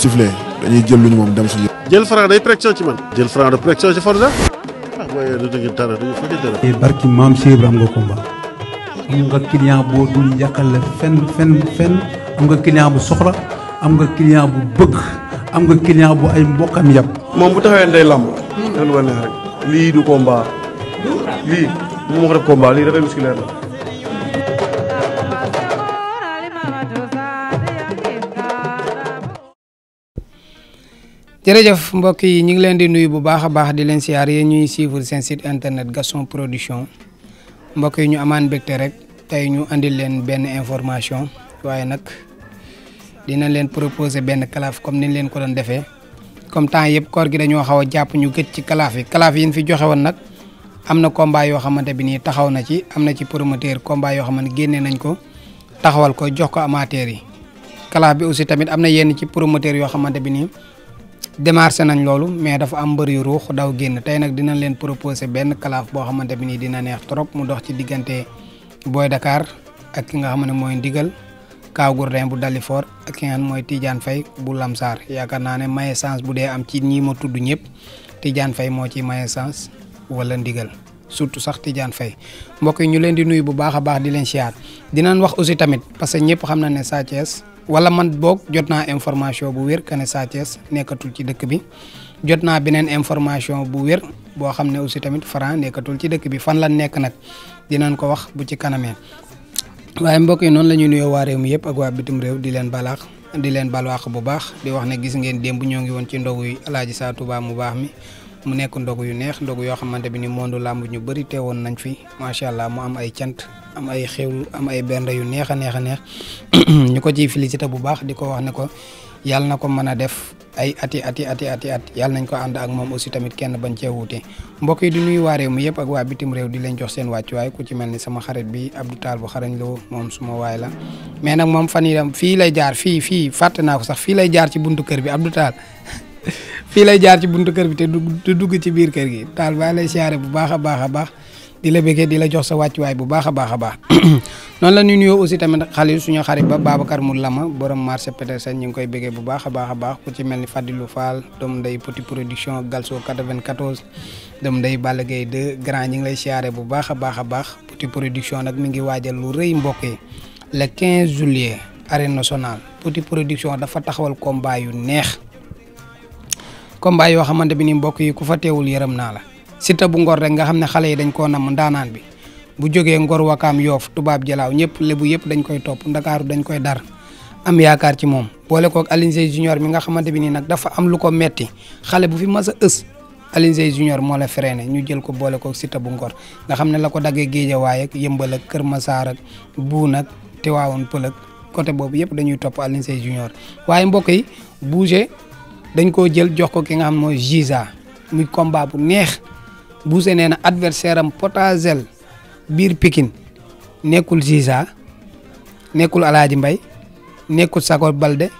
sifflé dañuy jël lu ñu moom dem suñu. jël franc day pression ci man. jël franc de pression ci Forza. ah mooy lu dëgg dara du fa dara. Eh, barki maam Cheikh Ibrahima am nga combat. boo dul yàqal fenn fenn fenn am nga client bu soxla am nga client bu bëgg am nga client bu ay mbokkam yàpp. moom bu taxawee day lamb. lii du combat. lii mu wax rek combat lii dafay musculaire la. jërëjëf mbokk yi ñu ngi leen di nuyu bu baax a baax di leen siyaar yéen ñuy suivre seen site internet Gaston Production mbokk yi ñu amaan mbégte rek tey ñu andil leen benn information waaye nag dina leen proposer benn kalaaf comme niñ leen ko doon defee comme temps yëpp koor gi dañoo xaw a jàpp ñu ci kalaaf yi kalaaf yi fi joxe woon nag am na combat yoo xamante bi nii taxaw na ci am na ci promoteur combat yoo xamante génne nañ ko taxawal ko jox ko amateur yi kalaaf bi aussi tamit am na yenn ci promoteur yoo xamante bi nii démarché nañ loolu mais dafa am mbër yu ruux daw génn tey nag dinañ leen proposé benn kalaaf boo xamante bi nii dina neex trop mu dox ci diggante Boy dakaar ak ki nga xam ne mooy ndigal Kaw Gourdin bu Dalifor ak ki nga xam mooy Tidiane Faye bu Lamsar yaakaar naa ne maye chance bu dee am ci ñi ma tudd ñëpp Tidiane Faye moo ci maye chance wala ndigal surtout sax Tidiane Faye mbokk yi ñu leen di nuyu bu baax a baax di leen siyaar dinañ wax aussi tamit parce que ñëpp xam na ne Sa wala man boog jot naa information bu wér que ne nekkatul ci dëkk bi jot naa beneen information bu wér boo xam ne aussi tamit Franc nekkatul ci dëkk bi fan la nekk nag dinañ ko wax bu ci kanamee. waaye mbokk noonu la ñuy nuyoo waa réew yëpp ak waa bitim réew di leen balaax di leen balwaax bu baax di wax ne gis ngeen démb ñoo ngi woon ci ndogu yi Alaaji Sa Touba mu baax mi. mu nekk ndogu yu neex ndogu yoo xamante bi ni mondu làmb ñu bëri woon nañ fi macha allah mu am ay cant am ay xew am ay bernde yu neex a neex a neex ñu ko ciy félicité bu baax di ko wax na ko yàlla na ko mën a def ay ati ati ati at yàlla nañ ko ànd ak moom aussi tamit kenn bañ cee wuute mbokk yi di nuyu waa réew yëpp ak waa bitim réew di leen jox seen wàccuwaay ku ci mel ni sama xarit bi Abdou Tall bu xarañ loo moom suma waay la mais nag moom fan yi fii lay jaar fii fii fàtte naa ko sax fii lay jaar ci buntu kër bi Abdou Tall fii lay jaar ci buntu kër bi te du dugg ci biir kër gi taal baa lay siyaare bu baax a baax a baax di di la jox sa wàccuwaay bu baax a baax a baax noonu la ñu nuyoo aussi tamit xalil suñu xarit ba Babacar mu lama borom marché Petersen ñu ngi koy bëggee bu baax a baax a baax ku ci mel ni Fadilou Fall doomu ndey petit production Galso 94 doomu ndey Balla Gaye 2 grand ñi ngi lay siyaare bu baax a baax a baax petit production nag mi ngi waajal lu rëy mbokkee yi le 15 juillet arène nationale petit production dafa taxawal combat yu neex combat yoo xamante bi ni mbokk yi ku fa teewul yërëm naa la Siteu bu Ngor rek nga xam ne xale yi dañ koo namm ndaanaan bi bu jógee Ngor Wakaam Yoof Tubaab Jalaaw ñëpp lébu yëpp dañ koy topp Ndakaaru dañ koy dar am yaakaar ci moom boole koog Alioune Sèye Junior nga xamante bi ni nag dafa am lu ko metti xale bu fi mas a ës Alioune Sèye Junior moo la freiné ñu jël ko boole koog Siteu bu Ngor nga xam ne la ko daggee Géejawaay ak Yëmbal ak Kër Masaar ak Buun ak Tiwaawoon Pël ak boobu yëpp dañuy topp Alioune Sèye Junior waaye mbokk yi dañ koo jël jox ko ki nga xam mooy Giza muy combat bu neex buuse nee na adversaire am potagel biir pikin nekkul Giza nekkul Alaaji Mbay nekkul Sakor Balde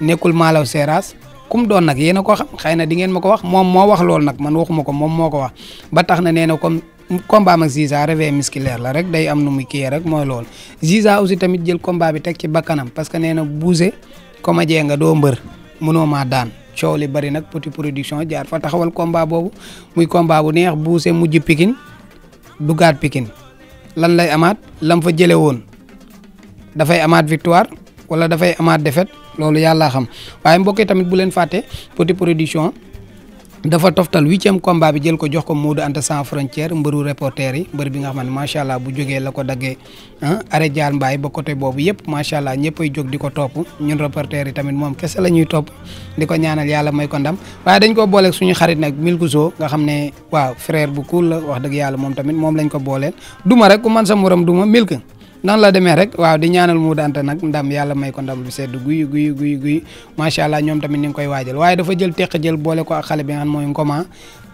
nekkul Malaw Seras kum doon nag yéen a ko xam xëy na di ngeen ma ko wax moom moo wax loolu nag man waxuma ko moom moo ko wax ba tax na nee na comme combat ak Ziza réveil la rek day am nu muy kii rek mooy lool Ziza aussi tamit jël combat bi teg ci bakkanam parce que nee na buuse comédien nga doo mbër mënoo maa daan. coow li bari nag petit production jaar fa taxawal combat boobu muy combat bu neex buuse mujj pikin dugaat pikin lan lay amaat lam fa jëlee woon dafay amaat victoire wala dafay amaat défaite loolu yàlla xam waaye mbokk tamit bu leen fàtte petit production. dafa toftal huitième combat bi jël ko jox ko Modou Anta sans frontière mbëru reporter yi mbër bi nga xam ne macha allah bu jógee la ko daggee ah arrêt mbaay ba côté boobu yëpp macha allah ñëppay jóg di ko topp ñun reporter yi tamit moom kese la ñuy topp di ko ñaanal yàlla may ko ndam waaye dañ ko booleeg suñu xarit nag Milkouzo nga xam ne waaw frère bu kuul la wax dëgg yàlla moom tamit moom lañ ko booleel duma rek ku man sa morom duma Milk nan la demee rek waaw di ñaanal Modou Anta nag ndam yàlla may ko ndam bu sedd guy guy guy guy macha allah ñoom tamit ni nga koy waajal waaye dafa jël teq jël boole ko ak xale bi nga xam mooy Ngoma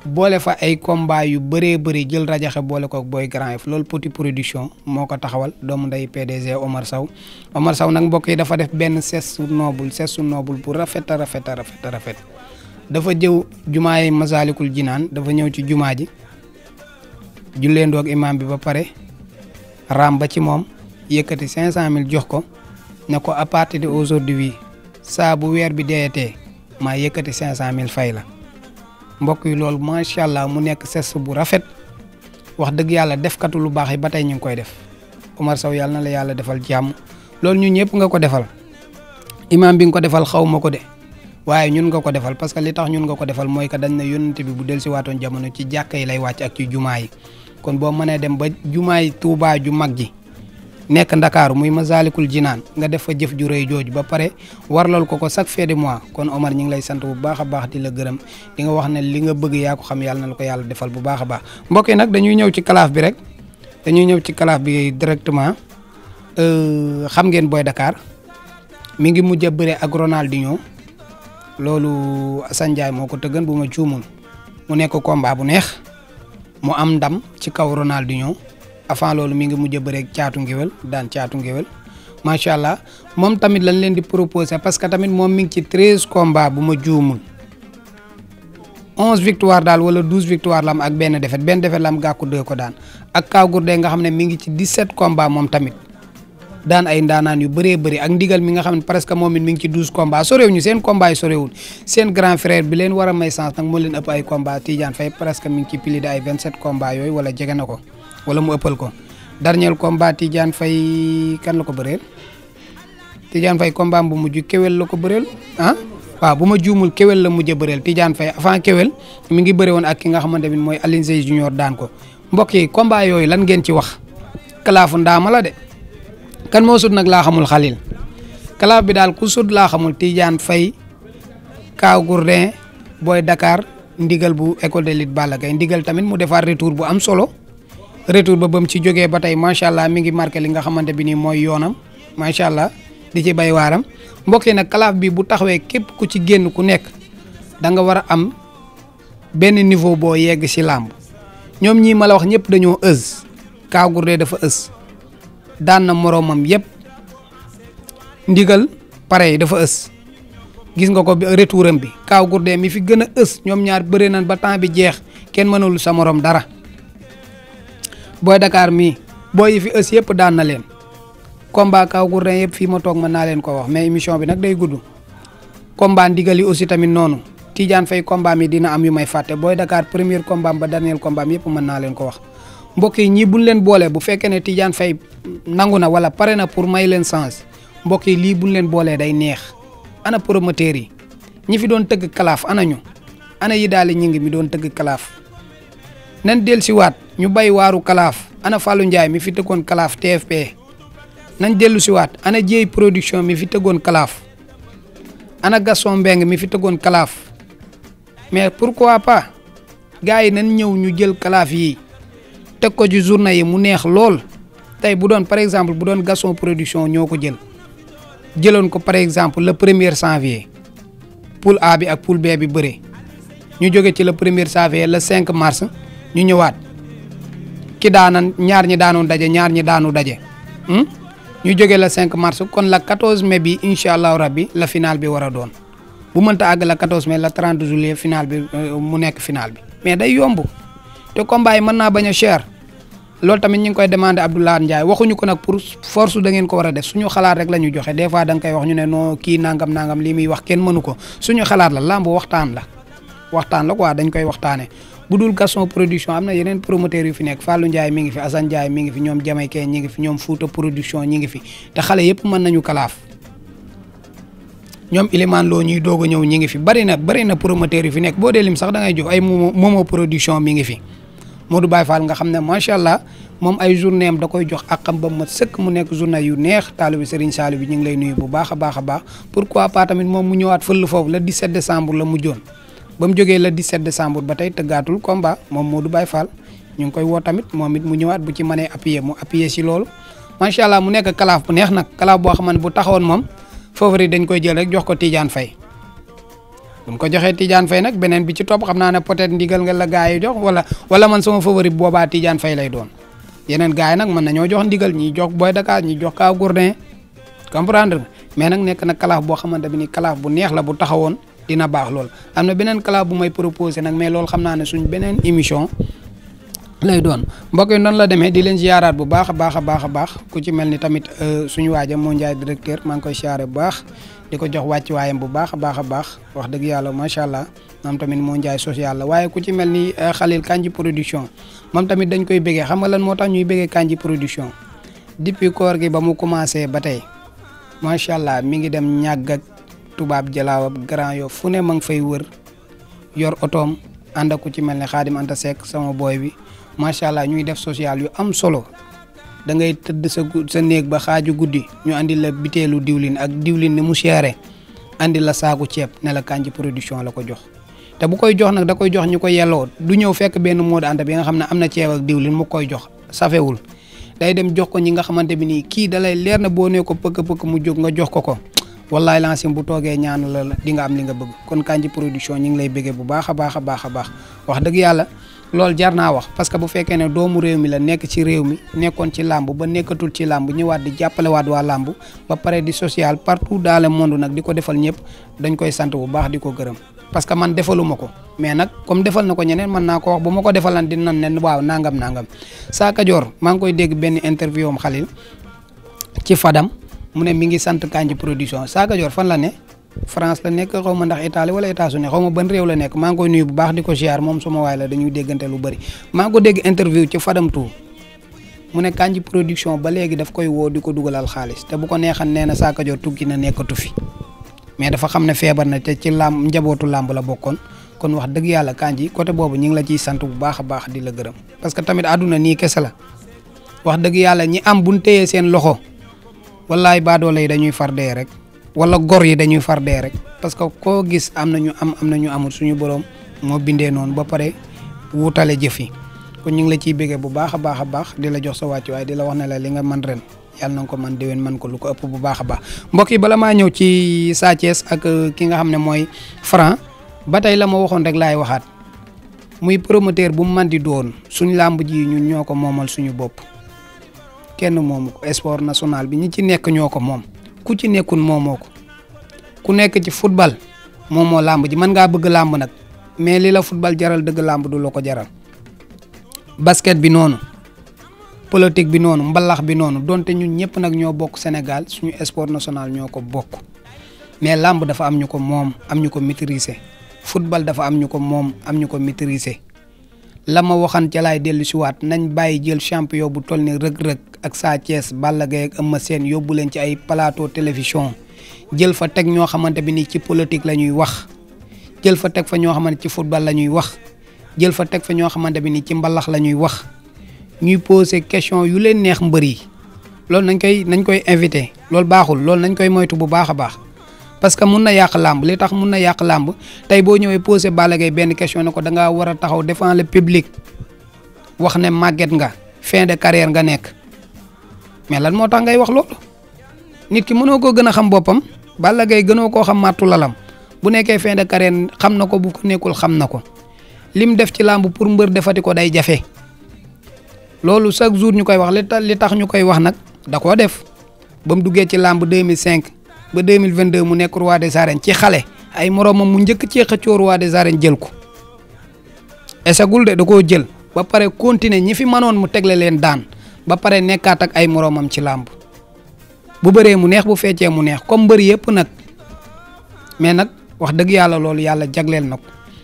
boole fa ay combat yu bëree bëri jël rajaxe boole ko ak Boy Grand F loolu petit production moo ko taxawal doomu nday PDG Omar Sow Omar Sow nag mbokk yi dafa def benn sesu noobul seesu noobul bu rafet a rafet a rafet rafet dafa jëw jumaa jumaay Masalikul Jinaan dafa ñëw ci jumaa ji julleendoo ak imaam bi ba pare raam ba ci moom yëkkati cinq cent mille jox ko ne ko à partir de aujourd'hui saa bu weer bi deetee maa yëkkati cinq cent mille fay la mbokk yi loolu macha allah mu nekk ses bu rafet wax dëgg yàlla def katu lu baax yi ba tey ñu ngi koy def Omar Sow yàlla na la yàlla defal jàmm loolu ñun ñëpp nga ko defal imaam bi nga ko defal xaw ma ko de waaye ñun nga ko defal parce que li tax ñun nga ko defal mooy que dañ na yónnent bi bu del si waatoon jamono ci jàkka yi lay wàcc ak ci jumaa yi kon boo mënee dem ba jumaa yi Tuubaa ju mag ji nekk ndakaaru muy Masaalikul Jinaan nga def fa jëf ju rëy jooju ba pare warlal ko ko chaque fin mois kon Omar ñu ngi lay sant bu baax a baax di la gërëm di nga wax ne li nga bëgg yaa ko xam yàlla na la ko yàlla defal bu baax a baax mbokk nag dañuy ñëw ci kalaaf bi rek dañuy ñëw ci kalaaf bi directement euh, xam ngeen Boy dakaar mi ngi mujj a bëre ak Ronaldinho loolu Assane Ndiaye moo ko tëggan bu ma juumul mu nekk combat bu neex mu am ndam ci kaw Ronaldinho avant loolu mi ngi mujj a bëreeg caatu ngéwél daan caatu ngéwél macha allah moom tamit lañ leen di proposé parce que tamit moom mi ngi ci treize combats bu ma juumul onze victoire daal wala douze benn défaite benn défaite la daan ak Kaagour nga xam ne mi ngi ci dix-sept combats moom tamit daan ay ndaanaan yu bëree bëri ak ndigal mi nga xam ne presque moom mi ngi ci douze combats sorew seen combat yi sorewul seen grand frère bi leen war a may sens nag moo leen ëpp ay combats Tidiane Faye presque mi ngi ci pili de ay vingt-sept combats yooyu wala jege na ko. wala mu ëppal ko dernier combat Tidiane fay kan la ko bëreel Tidiane Faye combat bu mujj kewel la ko bëreel ah waaw bu ma juumul kewel la mujj a bëreel Tidiane Faye avant kewel mu ngi bëri woon ak ki nga xamante ne mooy Alioune Seye junior daan ko mbokk yi combat yooyu lan ngeen ci wax kalaafu ndaama la de kan moo sut nag laa xamul xalil kalaaf bi daal ku sut laa xamul Tidiane fay Kaaw Gourdin booy dakaar ndigal bu école de lutte Balla Gaye ndigal tamit mu defar bu am solo retour ba ba mu ci jógee ba tey macha allah mi ngi marqué li nga xamante bi nii mooy yoonam macha allah di ci bay waaram mbokk yi nag kalaaf bi bu taxawee képp ku ci génn ku nekk danga war a am benn niveau boo yegg ci làmb ñoom ñii ma la wax ñëpp dañoo ës Kaw Gourdin dafa ës daan na moroomam yëpp ndigal pare dafa ës gis nga ko retouram bi Kaw Gourdin mi fi gën a ës ñoom ñaar bëri na ba temps bi jeex kenn mënul sa moroom dara booy dakaar mii booy yi fi ës yëpp daan na leen combat kaw gourdin yëpp fii ma toog mën naa leen ko wax mais émission bi nag day gudd combat ndigali aussi tamit noonu Tidiane Faye combat mi dina am yu may fàtte booy Dakar premier combat ba dernier combat yëpp mën naa leen ko wax mbokk yi ñii buñ leen boolee bu fekkee ne Tidiane Faye nangu na wala pare na pour may leen sens mbokk yi lii buñ leen boolee day neex ana promoteurs yi ñi fi doon tëgg kalaaf ana ñu yi daal ñu ngi mi doon tëgg kalaaf nan dellusiwaat ñu bay waaru kalaaf ana falu Ndiaye mi fi tëggoon kalaaf TFP nañ dellusiwaat ana Dieye production mi fi tëggoon kalaaf ana Gaston Mbengue mi fi tëggoon kalaaf mais pourquoi pas gars yi nañ ñëw ñu jël kalaaf yi teg ko ci journée yi mu neex lool tey bu doon par exemple bu doon Gaston production ñoo ko jël jëloon ko par exemple le première janvier poule A bi ak poule B bi bëre ñu jóge ci le premier janvier le 5 mars. ñu ñëwaat ki daanan ñaar ñi daanoon daje ñaar ñi daanu daje hmm? ñu jóge la cinq mars kon la 14 mai bi incha allahu rabbi la final bi war a doon bu mënta àgg la 14 mai la trente juillet final bi euh, mu nekk final bi mais day yomb te combat yi mën naa bañ a cher loolu tamit ñu ngi koy demandé Abdoulaye Ndiaye waxuñu ko nag pour force da ngeen ko war a def suñu xalaat rek la ñu joxe des fois da koy wax ñu ne noo kii nangam nangam lii muy wax kenn mënu ko suñu xalaat la làmb waxtaan la waxtaan la quoi dañ koy waxtaanee bu dul Gaston production am na yeneen promoteurs yu fi nekk faalu njaay mi ngi fi Assane Ndiaye mi ngi fi ñoom Jamaïcain ñi ngi fi ñoom Fouta production ñi ngi fi te xale yëpp man nañu kalaaf ñoom Iliman Lo ñuy doog a ñëw ñi ngi fi bari na bari na promoteurs yu fi nekk boo dee lim sax da ngay jox ay momo momo production mi ngi fi Modou Baye Fall nga xam ne macha allah moom ay journée am da koy jox ak xam ba ma sëkk mu nekk journée yu neex taalibe Serigne Saliou bi ñu ngi lay nuyu bu baax baax a baax pourquoi pas tamit moom mu ñëwaat fël foofu le 17 décembre la mujjoon bam jógee la jógee le 17 décembre ba tey tëggaatul combat moom Modou Baye Fall ñu ngi koy woo tamit moom it mu ñëwaat bu ci manee appuyer mu appuyer si loolu macha allah mu nekk kalaaf bu neex nag kalaaf boo xam ne bu taxawoon moom favori dañ koy jël rek jox ko Tidiane Faye bu ko joxee Tidiane Faye nag beneen bi ci topp xam naa ne peut-être ndigal nga la gars yi jox wala wala man sama favori boobaa Tidiane Faye lay doon yeneen gars yi nag mën nañoo jox ndigal ñi jox Boy Dakar ñi jox Kaw Gourdin comprendre mais nag nekk na kalaaf boo xamante bi ni kalaaf bu neex la bu taxawoon dina baax lool am na beneen kala bu may proposé nag mais loolu xam naa ne suñ beneen émission lay doon mbokk yi la demee di leen ziaraat bu baax a baax a baax a baax ku ci mel ni tamit euh, suñu waajam moo njaay directeur maa ngi koy ziare bu baax di ko jox wàcc waayam bu baax a baax a baax wax dëgg yàlla macha allah moom tamit moo social la waaye ku ci mel ni xalil euh, kanji production moom tamit dañ koy bëggee xam nga lan moo tax ñuy bëggee kanji production depuis koor gi ba mu commencé ba tey macha allah mi ngi dem ñàgg tubaab jalaawab Grand Yoff fu ne ma ngi fay wër yor otoom ànd ak ku ci mel ne Xaadim Anta Seck sama booy bi macha allah ñuy def social yu am solo da ngay tëdd sa sa néeg ba xaaju guddi ñu andi la biteelu diwlin ak diwlin ni mu seere andi la saaku ceeb ne la Kandji Production la ko jox. te bu koy jox nag da koy jox ñu ko yelloo du ñëw fekk benn Modou Anta bi nga xam ne am na ceeb ak diwlin mu koy jox safewul day dem jox ko ñi nga xamante bi nii kii dalay leer na boo nee ko pëkk pëkk mu jóg nga jox ko ko. wallaay lancim bu toogee ñaan la di nga am li nga bëgg kon Kandji production ñu ngi lay bëggee bu baax a baax a baax wax dëgg yàlla loolu jar naa wax parce que bu fekkee ne doomu réew mi la nekk ci réew mi nekkoon ci làmb ba nekkatul ci làmb ñëwaat di jàppalewaat waa làmb ba pare di social partout dans le monde nag di ko defal ñëpp dañ koy sant bu baax di ko gërëm parce que man defaluma ko mais nag comme defal na ko ñeneen mën naa ko wax bu ma ko defalan di nan ne waaw nangam nangam Sa maa ngi koy dégg benn interview am Fadam mu ne mi ngi sant Kandji production Saaka Joor fan la ne France la nekk xaw ma ndax Italie wala États-Unis xaw ma ban réew la nekk maa ngi koy nuyu bu baax di ko ziar moom suma waay la dañuy déggante lu bëri maa ngi ko dégg interview ci mu ne Kandji production ba léegi daf koy woo di ko dugalal xaalis te bu ko neexan nee na Saaka Joor tukki na nekkatu fi mais dafa xam ne feebar na te ci làmb njabootu làmb la bokkoon kon wax dëgg yàlla Kandji côté boobu ñu ngi la ciy sant bu baax a baax di la gërëm parce que tamit àdduna nii kese la wax dëgg yàlla ñi am bu buñ téyee seen loxo wallaay baadoole yi dañuy far dee rek wala gor yi dañuy far dee rek parce que koo gis am na ñu am am na ñu amul suñu borom moo bindee noonu ba pare wutale jëf yi kon ñu ngi la ciy béggee bu baax a baax a baax di la jox sa wàccu waaye di la wax ne la li nga man ren yàlla na ko man déwén man ko lu ko ëpp bu baaxa baax mbokk yi bala maa ñëw ci Sa ak euh, ki nga xam ne mooy Franc ba tey la ma waxoon rek laay waxaat muy promoteur bu mu man di doon suñ làmb ji ñu ñoo ko moomal suñu bopp kenn moomu ko sport national bi ñu ci nekk ñoo ko moom ku ci nekkul moomoo ko ku nekk ci football moomoo làmb ji mën ngaa bëgg làmb nag mais lii la football jaral dëgg làmb du ko jaral basket bi noonu politique bi noonu mbalax bi noonu donte ñun ñëpp nag ñoo bokk Sénégal suñu sport national ñoo ko bokk mais làmb dafa am ñu ko moom am ñu ko maîtriser football dafa am ñu ko moom am ñu ko maîtriser la ma waxan ca laay dellusiwaat nañ bàyyi jël champion bu toll ni rëg-rëg ak Sa Thiès Balla Gaye ak seen Sène yóbbu leen ci ay plateau télévision jël fa teg ñoo xamante bi nii ci politique la ñuy wax jël fa teg fa ñoo xamante ci football la ñuy wax jël fa teg fa ñoo xamante bi nii ci mbalax la ñuy wax ñuy posé question yu leen neex mbër yi loolu nañ koy nañ koy invité loolu baaxul loolu nañ koy moytu bu baax a baax parce que mun na yàq làmb li tax mun na yàq làmb tey boo ñëwee posé Balla Gaye benn question ne ko da war a taxaw devant le public wax ne màgget nga fin de carrière nga nekk mais lan moo tax ngay wax loolu nit ki mënoo koo gën a xam boppam Balla Gaye gënoo koo xam màttu lalam bu nekkee fin de carrière xam na ko bu ko nekkul xam na ko lim def ci làmb pour mbër defati ko day jafe loolu chaque jour ñu koy wax li tax ñu koy wax nag da koo def ba mu duggee ci làmb 2005 ba 2022 mu nekk roi des arènes ci xale ay moromam mu njëkk ceex xëccoo roi des arènes jël ko esagul de da koo jël ba pare continuer ñi fi manoon mu tegle leen daan ba pare nekkaat ak ay moromam ci làmb bu bëree mu neex bu feccee mu neex comme mbëri yëpp nag mais nag wax dëgg yàlla loolu yàlla jagleel na ko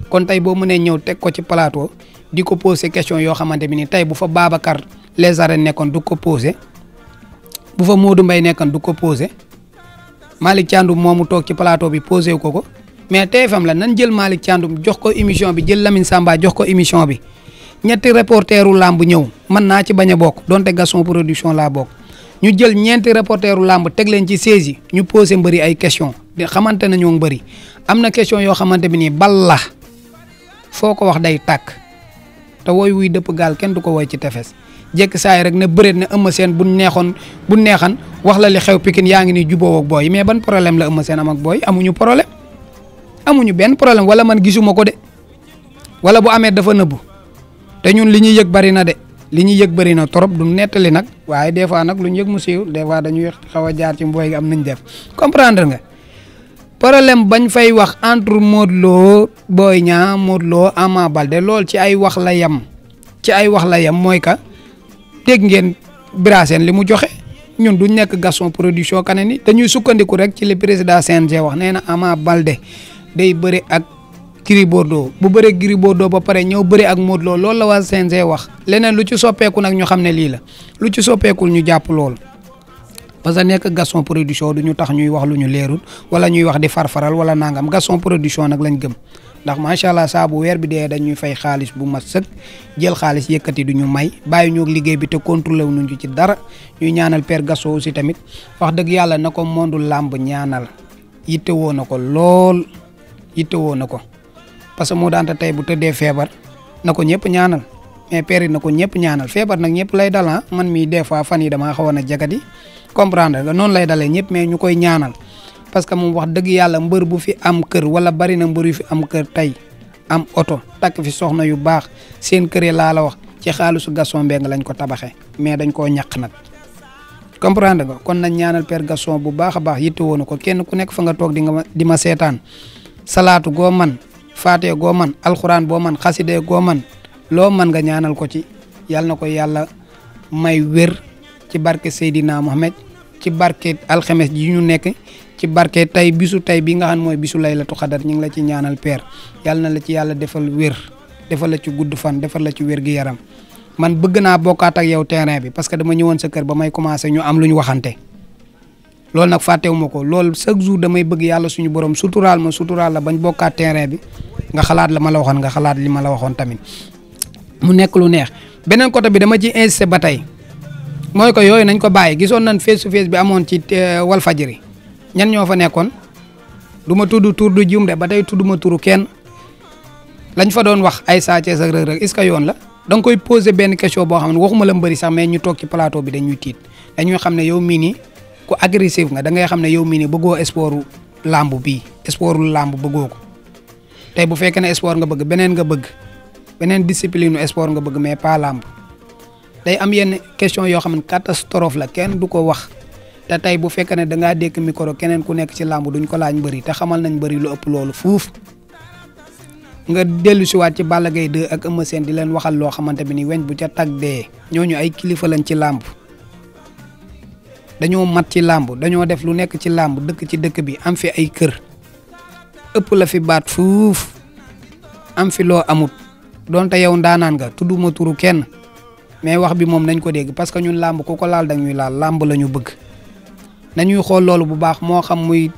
kon tey boo mënee ñëw teg ko ci plateau di ko posé question yoo xamante bi nii tey bu fa Babacar les arènes nekkoon du ko posé bu fa Modou Mbaye nekkoon du ko posé Malick Thiandoum moomu toog ci plateau bi posé ko ko mais TFM la nan jël Malick Thiandoum jox ko émission bi jël Lamine Samba jox ko émission bi ñetti reporteru làmb ñëw mën naa ci bañ a bokk donte Gaston production laa bokk ñu jël ñeenti reporteru làmb teg leen ci siège yi ñu posé mbëri ay question di xamante na ñoo mbëri am na question yoo xamante bi nii bal la foo ko wax day tàkk te wooy wuy dëpp gaal kenn du ko woy ci tefes jekk saa yi rek ne bëreet na Eumeu seen bu neexoon bu neexan wax la li xew Pikine yaa ngi ni jubóo ak booy mais ban problème la Eumeu Sène am ak booy amuñu problème amuñu benn problème wala man gisuma ko de wala bu amee dafa nëbbu te ñun li ñuy yëg bari na de li ñuy yëg bari na trop du nettali nag waaye des fois nag lu ñu yëg mu siiw des fois dañuy xaw a jaar ci mbooy gi am nañ def comprendre nga. problème bañ fay wax entre Modou Lo Boy Niang Modou Lo Ama Baldé lool ci ay wax la yem ci ay wax la yem mooy ka dégg ngeen Birasène li mu joxe ñun du nekk Gaston Production kaneen ni dañuy sukkandiku rek ci li président CNG wax nee na Ama Balde day bëri ak Gris Bordeaux bu bëree Gris Bordeaux ba pare ñëw bëri ak Modou Lo loolu la waa CNG wax leneen lu ci soppeeku nag ñu xam ne lii la lu ci soppeekul ñu jàpp lool. parce que nekk Gaston Production du ñu tax ñuy wax lu ñu leerul wala ñuy wax di farfaral wala nangam Gaston Production nag lañ gëm ndax macha allah saabu bu weer bi dee dañuy fay xaalis bu mat sëkk jël xaalis yëkkati du ñu may bàyyi ñoo liggéey bi te contrôlé wu ñu ci dara ñuy ñaanal per gasoo aussi tamit wax dëgg yàlla na ko mondu làmb ñaanal yitte woo na ko lool yitte woo na ko parce que moo daanta tey bu te dee feebar na ko ñëpp ñaanal mais père na ko ñëpp ñaanal feebar nag ñëpp lay dal ah. man mii des fois fan yi damaa xawoon a jagadi comprendre nga noonu lay dalee ñëpp mais ñu koy ñaanal parce que moom wax dëgg yàlla mbër bu fi am kër wala bari na mbër yu fi am kër tey am oto takk fi soxna yu baax seen kër laa la wax ci xaalisu Gaston Mbengue lañ ko tabaxee mais dañ koo ñàq nag. comprendre nga kon nañ ñaanal Père Gaston bu baax a baax yitte woonu ko kenn ku nekk fa nga toog di nga di ma seetaan salaatu goo man faatee goo man alxuraan boo man xasidee goo man loo man nga ñaanal ko ci yàlla na ko yàlla may wér ci barke Seydina Mohamed ci barket alxemes ji ñu nekk ci barke tey bisu tey bi nga xam mooy bisu laylatu xadar ñu ngi la ci ñaanal père yàlla na la ci yàlla defal wér defal la ci gudd fan defal la ci wér gi yaram man bëgg naa bokkaat ak yow terrain bi parce que dama ñëwoon sa kër ba may commencé ñu am lu ñu waxante. loolu nag fàttewuma ko loolu chaque jour damay bëgg yàlla suñu borom suturaal ma suturaal la bañ bokkaat terrain bi nga xalaat la ma la waxoon nga xalaat li ma la waxoon tamit mu nekk lu neex beneen côté bi dama ci insisté ba tey mooy ko yooyu nañ ko bàyyi gisoon nañ face to bi amoon ci euh, Walfadjri ñan ñoo fa nekkoon du ma tudd tur du jum de ba tey tudd ma turu kenn lañ fa doon wax ay Sa Thiès ak Reug Reug ce que yoon la da nga koy poser benn question boo xam ne waxuma la mbëri sax mais ñu toog ci plateau bi dañuy tiit dañuy xam ne yow mii nii ku agressif nga da ngay xam ne yow mii nii bëggoo sportu làmb bii sportu làmb bëggoo ko tey bu fekkee ne spor nga bëgg beneen nga bëgg beneen discipline u sport nga bëgg mais pas làmb day am yenn question yoo xam ne catastrophe la kenn du ko wax. te tey bu fekkee ne dangaa dékk micro keneen ku nekk ci làmb duñ ko laaj mbëri te xamal nañ mbëri ëpp loolu fuuf nga dellu siwaat ci Balla Gaye ak Eumeu di leen waxal loo xamante bi ni weñ bu ca tag dee ñooñu ay kilifa lañ ci làmb dañoo mat ci làmb dañoo def lu nekk ci làmb dëkk ci dëkk bi am fi ay kër ëpp la baat fuuf loo amut donte yow ndaanaan nga ma turu kenn mais wax bi moom nañ ko dégg parce que ñun làmb ku ko laal dañuy laal làmb la ñu bëgg nañuy xool loolu bu baax moo xam muy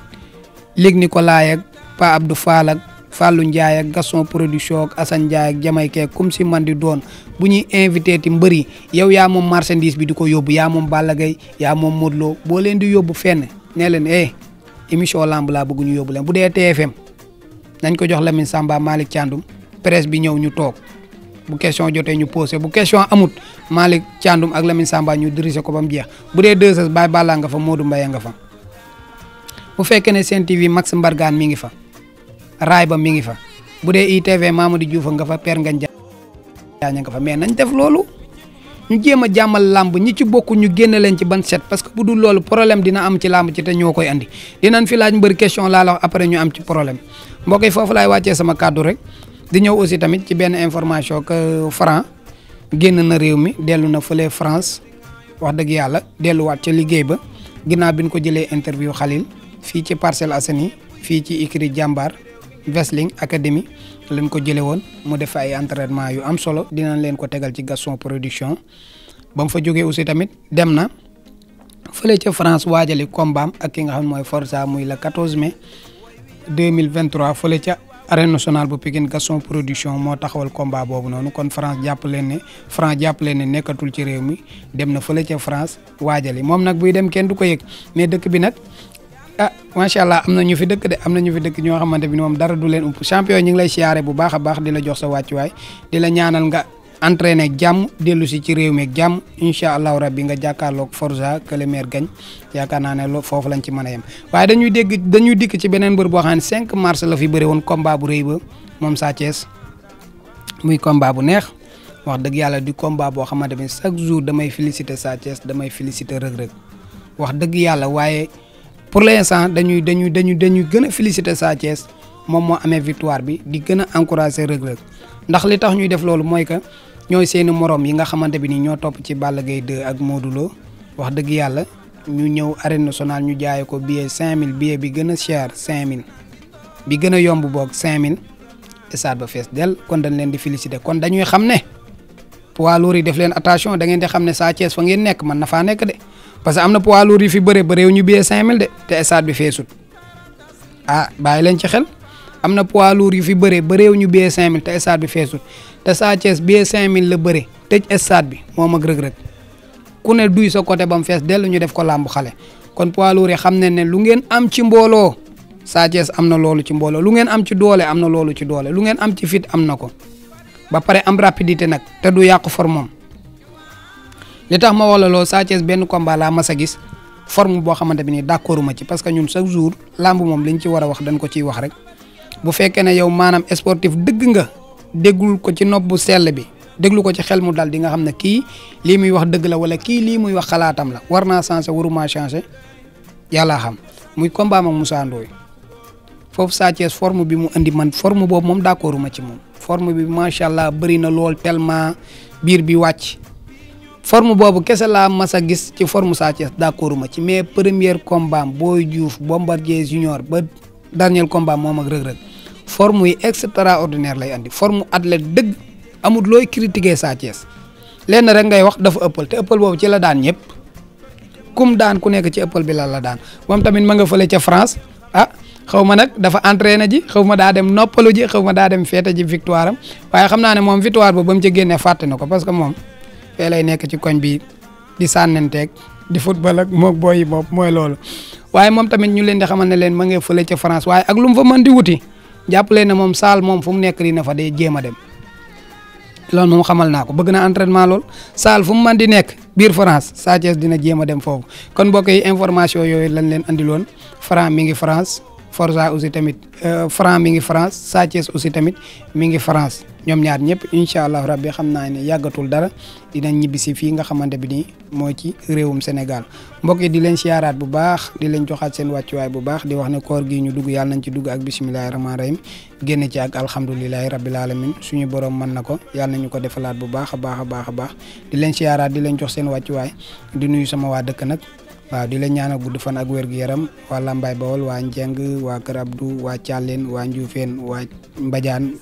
lig ni ko laay ak Pa Abdou Fall ak Fallou Ndiaye ak Gaston production ak Assane Ndiaye ak Jamaïque comme si man di doon bu ñuy invité ti mbër yi yow yaa moom marchandise bi di ko yóbbu yaa moom Balla Gaye yaa moom Modou Lo boo leen di yóbbu fenn nee leen eh émission lamb laa bëgg ñu yóbbu leen bu dee TFM nañ ko jox Lamine Samba Malick Thiandoum presse bi ñëw ñu toog. bu question jotee ñu posé bu question amut Malick Thiandoum ak Lamine Samba ñu dirigé ko ba mu jeex bu dee deux heures Baye Balla nga fa Modou Mbaye nga fa. bu fekkee ne Sen TV Max Mbargaan mi ngi fa raay ba mi ngi fa bu dee ITV Mamadou Diouf nga fa Père Ngagne Diagne nga fa mais nañ def loolu. ñu jéem a jàmmal làmb ñi ci bokk ñu génne leen ci ban set parce que bu dul loolu problème dina am ci làmb ci te ñoo koy andi dinañ fi laaj mbër question laa la wax après ñu am ci problème mbokk yi foofu laay wàccee sama kàddu rek. di ñëw aussi tamit ci benn information que Franc génn na réew mi dellu na fële France wax dëgg yàlla delluwaat ca liggéey ba ginnaaw bi ñu ko jëlee interview Khalil fii ci Parcelles Assainies fii ci écurie Jàmbaar Wrestling Academy lañ ko jëlee woon mu def ay entraînement yu am solo dinañ leen ko tegal ci Gaston Production ba mu fa jógee aussi tamit dem na fële ca France waajali kombaam ak ki nga xam mooy Forza muy le 14 mai 2023 fële ca. arène nationale bu Pikine Gaston production moo taxawal combat boobu noonu kon France jàpp leen ne France jàpp leen ne nekkatul ci réew mi dem na fële ca France waajali moom nag buy dem kenn du ko yëg mais dëkk bi nag ah macha allah am na ñu fi dëkk de am na ñu fi dëkk ñoo xamante bi moom dara du leen ump champion ñu ngi lay siyaare bu baax a baax di la jox sa waay di la ñaanal nga. entraîné ak jàmm dellu si ci réew mi ak jàmm incha allahu rabbi nga jàkkaarloog Forza que le maire gagne yaakaar naa ne foofu lañu ci mën a yem waaye dañuy dégg dañuy dikk ci beneen mbër boo xam ne 5 mars la fi bëri woon combat bu rëy ba moom Sa Thiès muy combat bu neex wax dëgg yàlla di combat boo xamante ne chaque jour damay féliciter Sa damay féliciter Reug Reug wax dëgg yàlla waaye pour l'instant dañuy dañuy dañuy dañuy gën a féliciter Sa moom moo amee victoire bi di gën a encourager Reug ndax li tax ñuy def loolu mooy que ñooy seeni moroom yi nga xamante bi nii ñoo topp ci Balla Gaye 2 ak Modou wax dëgg yàlla ñu ñëw arène nationale ñu jaay ko billet 5000 billet bi gën a cher 5000 bi gën a yomb boog 5000 stade ba fees dell kon dañ leen di féliciter kon dañuy xam ne poids lourds yi def leen attention da ngeen di xam ne Sa Thiès fa ngeen nekk mën na faa nekk de parce que am na poids lourds yi fi bëree bëreew ñu billet 5000 de te stade bi feesut ah bàyyi leen ci xel. am na poids lourd yu fi bëree bëreewuñu ñu billet 5000 te stade bi feesul te Sa Thiès billet 5000 la bëre tëj stade bi moom ak rëg-rëg ku ne duy sa côté ba mu fees dellu ñu def ko làmbu xale kon poids lourd yi xam ne ne lu ngeen am ci mbooloo Sa am na loolu ci mbooloo lu ngeen am ci doole am na loolu ci doole lu ngeen am ci fit am na ko ba pare am rapidité nag te du yàqu forme moom li tax ma wax la loolu Sa Thiès benn combat laa mas a gis forme boo xamante bi nii d'accorduma ci parce que ñun chaque jour làmb moom liñ ci war a wax dañ ko ciy wax rek bu fekkee ne yow maanaam sportif dëgg nga déggul ko ci nopp bu sell bi déglu ko ci xel mu dal di nga xam ne kii lii muy wax dëgg la wala kii lii muy wax xalaatam la war naa changé waruma changé yàllaa xam muy combat ak Moussa foofu Sa Thiès forme bi mu indi man forme boobu moom d'accordu ma ci moom forme bi macha allah bëri na lool tellement biir bi wàcc form boobu kese laa mas a gis ci forme Sa Thiès d'accordu ma ci mais première combat booy Diouf Bombardier Junior ba. dernier combat moom ak rëg-rëg forme yi extraordinaire lay andi at athlète dëgg amut looy critiquer Sa Thiès lenn rek ngay wax dafa ëppal te ëppal boobu ci la daan ñëpp kum daan ku nekk ci ëppal bi la la daan moom tamit ma nga fële ca France ah xaw ma nag dafa entraîné ji xaw ma daa dem noppalu ji xaw ma daa dem feete ji victoire am waaye xam naa ne moom victoire ba ba mu ca génnee na ko parce que moom fee lay nekk ci koñ bi di sànnanteeg di football ak moog booy yi mooy lool waaye moom tamit ñu leen di xamal ne leen ma ngi fële ca France waaye ak lu mu fa mën di wuti jàppale na moom Saal moom fu mu nekk na fa dee jéem a dem. loolu moom xamal naa ko bëgg na entraînement lool Saal fu mu mën di nekk biir France Sa Thiès dina jéem a dem foofu kon mbokk yi information yooyu lañ leen andiloon Franc mi ngi France. Forza aussi tamit euh, Franc mi ngi France Sa Thiès aussi tamit mi ngi France ñoom ñaar ñëpp incha allah rabbi xam naa ne yàggatul dara dinañ ñibbisi fii nga xamante bi nii moo ci réewum Sénégal mbokk di leen siyaaraat bu baax di leen joxaat seen wàccuwaay bu baax di wax ne koor gi ñu dugg yàlla nañ ci dugg ak bisimilahi rahmaani rahim génne ci ak alhamdulilahi rabbil alamin suñu borom mën na ko yàlla nañu ko defalaat bu baax a baax a baax baax di leen di leen jox seen wàccuwaay di nuyu sama waa dëkk nag waaw di la ñaanal gudd fan ak wér-gu-yaram waa Lambaay Bawol waa Njeng waa Kër Abdou waa Thialène waa Ndioufène waa Mbadiane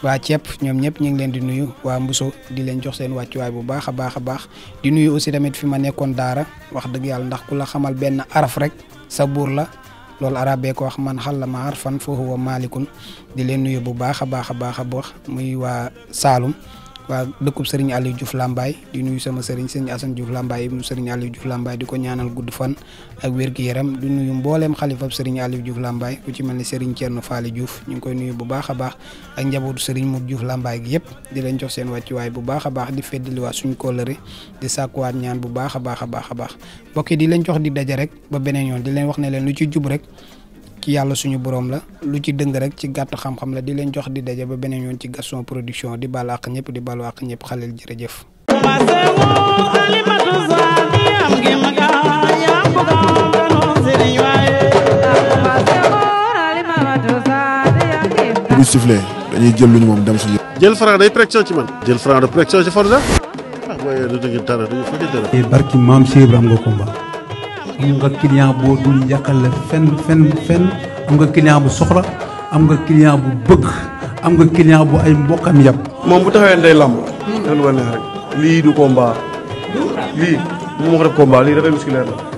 waa ceeb ñoom ñëpp ñu ngi leen di nuyu waa Mbuso di leen jox seen wàccuwaay bu baax a baax a baax di nuyu aussi tamit fi ma nekkoon daara wax dëgg yàlla ndax ku la xamal benn araf rek sa buur la loolu arab ko wax man xal la ma fan fa huwa maalikun di leen nuyu bu baax a baax a baax a baax muy waa Saalum waa dëkkub sëriñ Aliou Diouf Lambaye di nuyu sama sëriñ sëriñ Assane Diouf Lambaye mu sëriñ Aliou Diouf Lambaye di ko ñaanal gudd fan ak wér-gu-yaram di nuyu mbooleem xalifab sëriñ Aliou Diouf Lambaye ku ci mel ni sëriñ Thierno Faly Diouf ñu ngi koy nuyu bu baax a baax ak njabootu sëriñ Modou Diouf Lambaye gi yëpp di leen jox seen wàccuwaay bu baax a baax di feddaliwaat suñu kóllëre di sàkkuwaat ñaan bu baax a baax a baax a baax mbokk di leen jox di daje rek ba beneen yoon di leen wax ne leen lu ci jub rek yàlla suñu boroom la lu ci dëng rek ci gàtt xam-xam la di leen jox di daje ba beneen yoon ci Gaston Production di baal àq ñëpp di baalu àq ñëpp xaleel jërëjëf. bu sifflé luñu moom dem suñu. jël franc day pression ci man. jël franc de pression ci Forza. ah barki maam Cheikh Ibrahima nga combat. am nga client boo dul yàqale fenn fenn fenn am nga client bu soxla am nga client bu bëgg am nga client bu ay mbokkam yàpp moom bu taxawee day làmb lii du combat lii mu ma ko def lii dafay musculaire la